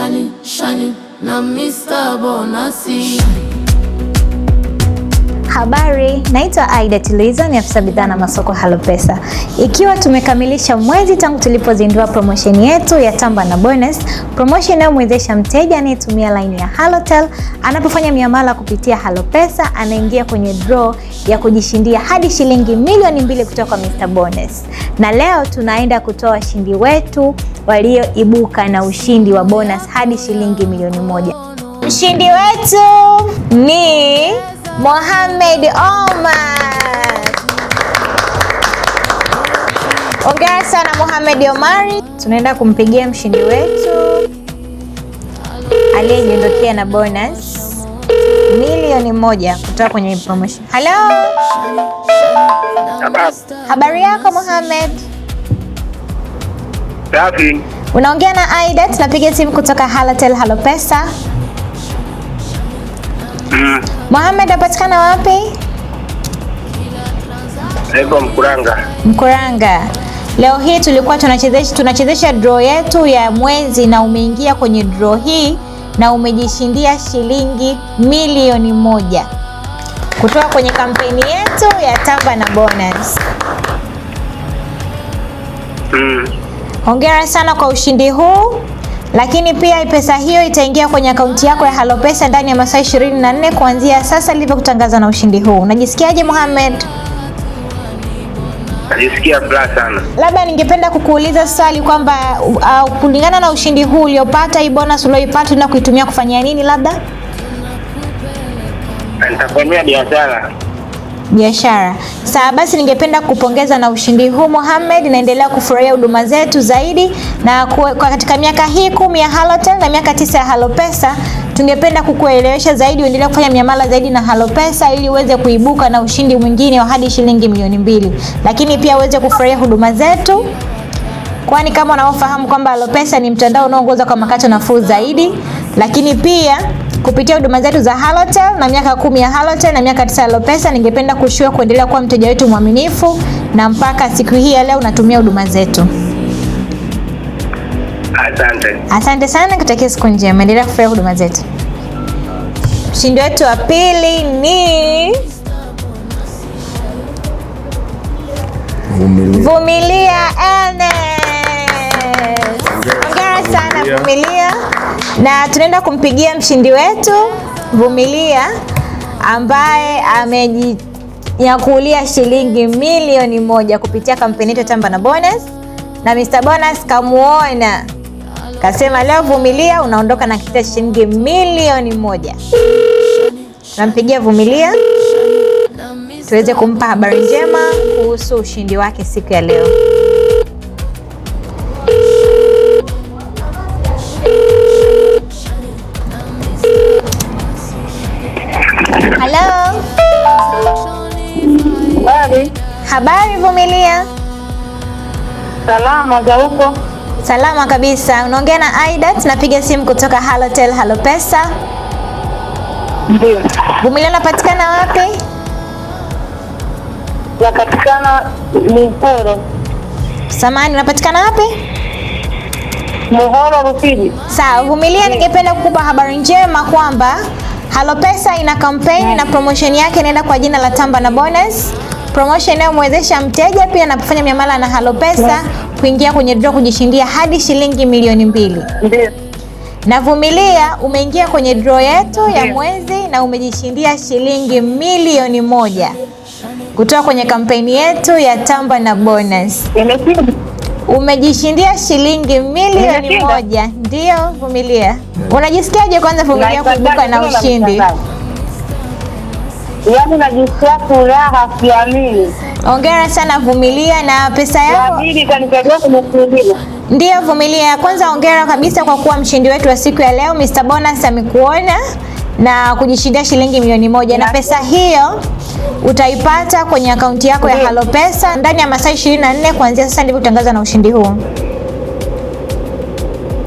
Shani, Shani na Mr. Bonasi. Habari, naitwa Aida Tiliza, ni afisa bidhaa na masoko HaloPesa. Ikiwa tumekamilisha mwezi tangu tulipozindua promotion yetu ya Tamba na Bonus, promotion inayomwezesha mteja anayetumia laini ya Halotel anapofanya miamala kupitia HaloPesa anaingia kwenye draw ya kujishindia hadi shilingi milioni mbili kutoka kwa Mr. Bonus. Na leo tunaenda kutoa washindi wetu walioibuka na ushindi wa bonus hadi shilingi milioni moja. Mshindi wetu ni Mohamed Omar. Hongera sana Mohamed Omari. Tunaenda kumpigia mshindi wetu aliyejiondokea na bonus milioni moja kutoka kwenye promotion. Hello. Habari yako Mohamed? Safi. Unaongea na Aida, tunapiga simu kutoka Halotel Halo Pesa. Mm. Mohamed apatikana wapi? Lebo Mkuranga. Mkuranga. Leo hii tulikuwa tunachezesha tunachezesha draw yetu ya mwezi na umeingia kwenye draw hii na umejishindia shilingi milioni moja kutoka kwenye kampeni yetu ya Tamba na Bonus. Mm. Hongera sana kwa ushindi huu, lakini pia pesa hiyo itaingia kwenye akaunti yako ya HaloPesa ndani ya masaa 24 kuanzia sasa ilivyokutangaza na ushindi huu. Unajisikiaje Mohamed? Najisikia furaha sana. Labda ningependa kukuuliza swali kwamba uh, kulingana na ushindi huu uliopata, hii bonus ulioipata na kuitumia kufanyia nini? Labda nitafanyia biashara biashara. Sawa basi, ningependa kupongeza na ushindi huu Mohamed. Naendelea kufurahia huduma zetu zaidi na kwa katika miaka hii kumi ya Halotel na miaka tisa ya Halopesa tungependa kukuelewesha zaidi uendelee kufanya miamala zaidi na Halopesa ili uweze kuibuka na ushindi mwingine wa hadi shilingi milioni mbili, lakini pia uweze kufurahia huduma zetu kwani kama unavyofahamu kwamba Halopesa ni mtandao unaoongoza kwa makato nafuu zaidi, lakini pia kupitia huduma zetu za Halotel na miaka kumi ya Halotel na miaka tisa ya Lopesa. Ningependa kushauri kuendelea kuwa mteja wetu mwaminifu na mpaka siku hii ya leo unatumia huduma zetu. Asante, asante sana, kutakia siku njema, endelea kufurahia huduma zetu. Mshindi wetu wa pili ni Vumilia Ene. Vumilia, na tunaenda kumpigia mshindi wetu Vumilia ambaye amejinyakulia shilingi milioni moja kupitia kampeni yetu Tamba na Bonus, na Mr. Bonus kamuona kasema, leo Vumilia unaondoka na kiasi cha shilingi milioni moja. Nampigia Vumilia tuweze kumpa habari njema kuhusu ushindi wake siku ya leo. Habari Vumilia. Salama za huko? Salama kabisa. Unaongea na Aidat, napiga simu kutoka Halotel Halopesa. Ndio. Vumilia, unapatikana wapi? Napatikana Muhoro. Samani, unapatikana wapi? Muhoro Rufiji. Sawa, Vumilia, ningependa kukupa habari njema kwamba Halopesa ina kampeni na promotion yake inaenda kwa jina la Tamba na Bonus promotion inayomwezesha mteja pia anapofanya miamala na HaloPesa kuingia kwenye draw kujishindia hadi shilingi milioni mbili. na Navumilia umeingia kwenye draw yetu ya mwezi na umejishindia shilingi milioni moja kutoka kwenye kampeni yetu ya Tamba na Bonus. Umejishindia shilingi milioni moja. Ndiyo, Vumilia. Unajisikiaje kwanza Vumilia kuibuka na ushindi? yaani najisikia furaha, siamini. Hongera sana, vumilia na pesa yako ndiyo, vumilia kwanza. Hongera kabisa kwa kuwa mshindi wetu wa siku ya leo Mr. Bonus amekuona na kujishindia shilingi milioni moja na, pesa hiyo utaipata kwenye akaunti yako ya Halo Pesa ndani ya masaa 24 kuanzia sasa. Ndivyo kutangaza na ushindi huu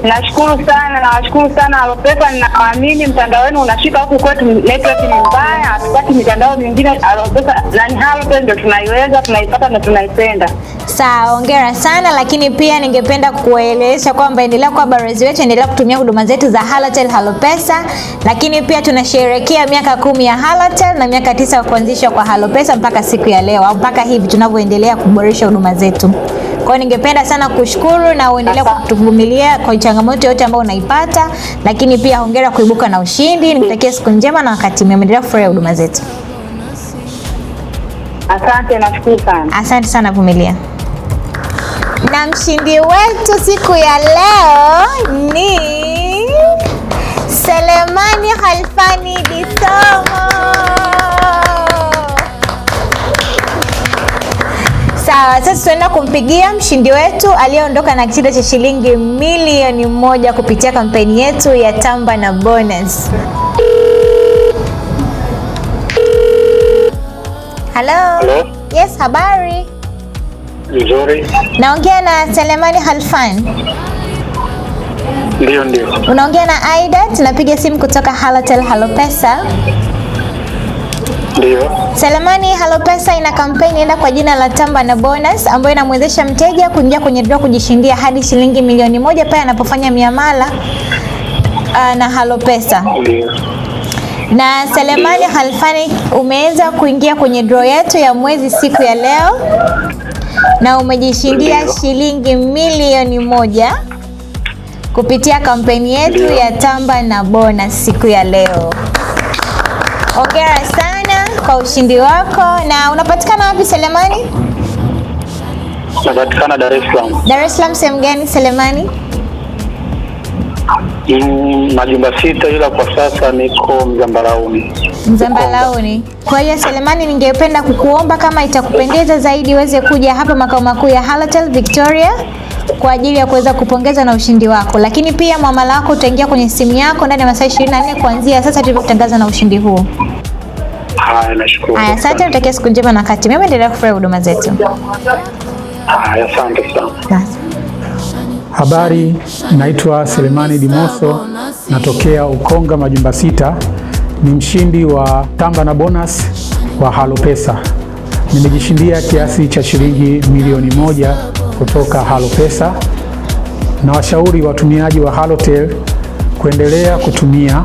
Nashukuru sana, nawashukuru sana Alopepa, ninawaamini. Mtandao wenu unashika huku kwetu, network ni mbaya, hatupati mitandao mingine. Alopepa nani, Halope ndio tunaiweza, tunaipata na tunaipenda. Sawa, hongera sana lakini pia ningependa kuelewesha kwamba endelea kuwa balozi wetu, endelea kutumia huduma zetu za Halotel Halopesa, lakini pia tunasherehekea miaka kumi ya Halotel na miaka tisa ya kuanzishwa kwa Halopesa mpaka siku ya leo au mpaka hivi tunavyoendelea kuboresha huduma zetu. Kwa ningependa sana kushukuru na uendelee kutuvumilia kwa changamoto yote ambayo unaipata, lakini pia hongera kuibuka na ushindi. Nikutakia siku njema na wakati mwema, endelea kufurahia huduma zetu. Asante, nashukuru sana. Asante sana Vumilia. Na mshindi wetu siku ya leo ni Selemani Halfani Disomo. Sasa tutaenda kumpigia mshindi wetu aliyeondoka na kitita cha shilingi milioni moja kupitia kampeni yetu ya Tamba na Bonus. Hello. Hello. Yes, habari? Nzuri. Naongea na Selemani Halfan. Ndio, ndio. Unaongea na Aida, tunapiga simu kutoka Halotel Halopesa. Ndio. Selemani, HaloPesa ina kampeni enda kwa jina la Tamba na Bonus ambayo inamwezesha mteja kuingia kwenye draw kujishindia hadi shilingi milioni moja pale anapofanya miamala uh, na HaloPesa. Ndio. Na Selemani halfani umeweza kuingia kwenye draw yetu ya mwezi siku ya leo na umejishindia shilingi milioni moja kupitia kampeni yetu ya Tamba na Bonus siku ya leo. Hongera sana kwa ushindi wako. Na unapatikana wapi Selemani? Napatikana Dar es Salaam. Dar es Salaam sehemu gani Selemani? Mm, majumba sita, ila kwa sasa niko Mzambalauni. Mzambalauni. Kwa hiyo Selemani, ningependa kukuomba kama itakupendeza zaidi uweze kuja hapa makao makuu ya Halotel Victoria kwa ajili ya kuweza kupongeza na ushindi wako, lakini pia mwamala wako utaingia kwenye simu yako ndani ya masaa 24 kuanzia sasa tulivyotangaza na ushindi huo. Haya, nashukuru. Haya, asante, utakia siku njema na wakati mema, endelea kufurahia huduma zetu. Haya, asante sana. Habari, naitwa Selemani Dimoso, natokea Ukonga Majumba Sita, ni mshindi wa Tamba na Bonus wa Halopesa. Nimejishindia kiasi cha shilingi milioni moja kutoka Halopesa na washauri watumiaji wa Halotel kuendelea kutumia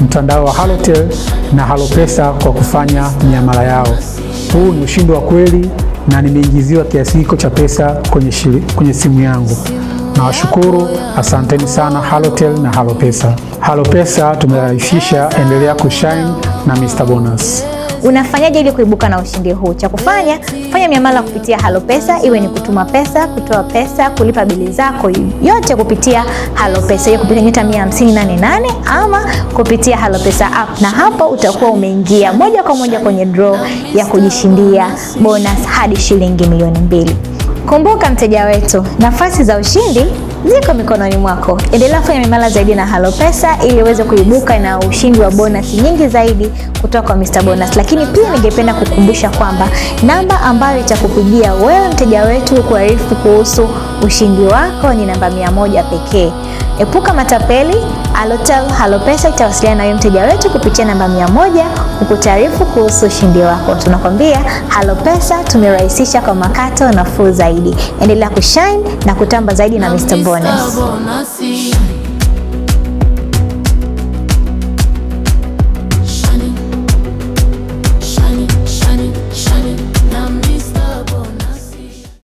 mtandao wa Halotel na Halopesa kwa kufanya miamala yao. Huu ni ushindi wa kweli na nimeingiziwa kiasi hiko cha pesa kwenye, shiri, kwenye simu yangu. Nawashukuru, asanteni sana Halotel na Halopesa. Halopesa tumerahisisha. Endelea kushine na Mr Bonus. Unafanyaje ili kuibuka na ushindi huu? Cha kufanya, fanya miamala kupitia Halo Pesa, iwe ni kutuma pesa, kutoa pesa, kulipa bili zako, yote kupitia Halo Pesa, iwe kupitia nyota 15088 ama kupitia Halo Pesa app, na hapo utakuwa umeingia moja kwa moja kwenye draw ya kujishindia bonus hadi shilingi milioni mbili. Kumbuka mteja wetu, nafasi za ushindi ziko mikononi mwako. Endelea kufanya miamala zaidi na Halo Pesa ili uweze kuibuka na ushindi wa bonus nyingi zaidi kutoka kwa Mr Bonus. Lakini pia ningependa kukumbusha kwamba namba ambayo itakupigia wewe mteja wetu kuarifu kuhusu ushindi wako ni namba mia moja pekee. Epuka matapeli. Halotel HaloPesa itawasiliana na wewe mteja wetu kupitia namba mia moja ukutaarifu kuhusu ushindi wako. Tunakwambia HaloPesa tumerahisisha kwa makato nafuu zaidi. Endelea kushine na kutamba zaidi na Mr Bonus.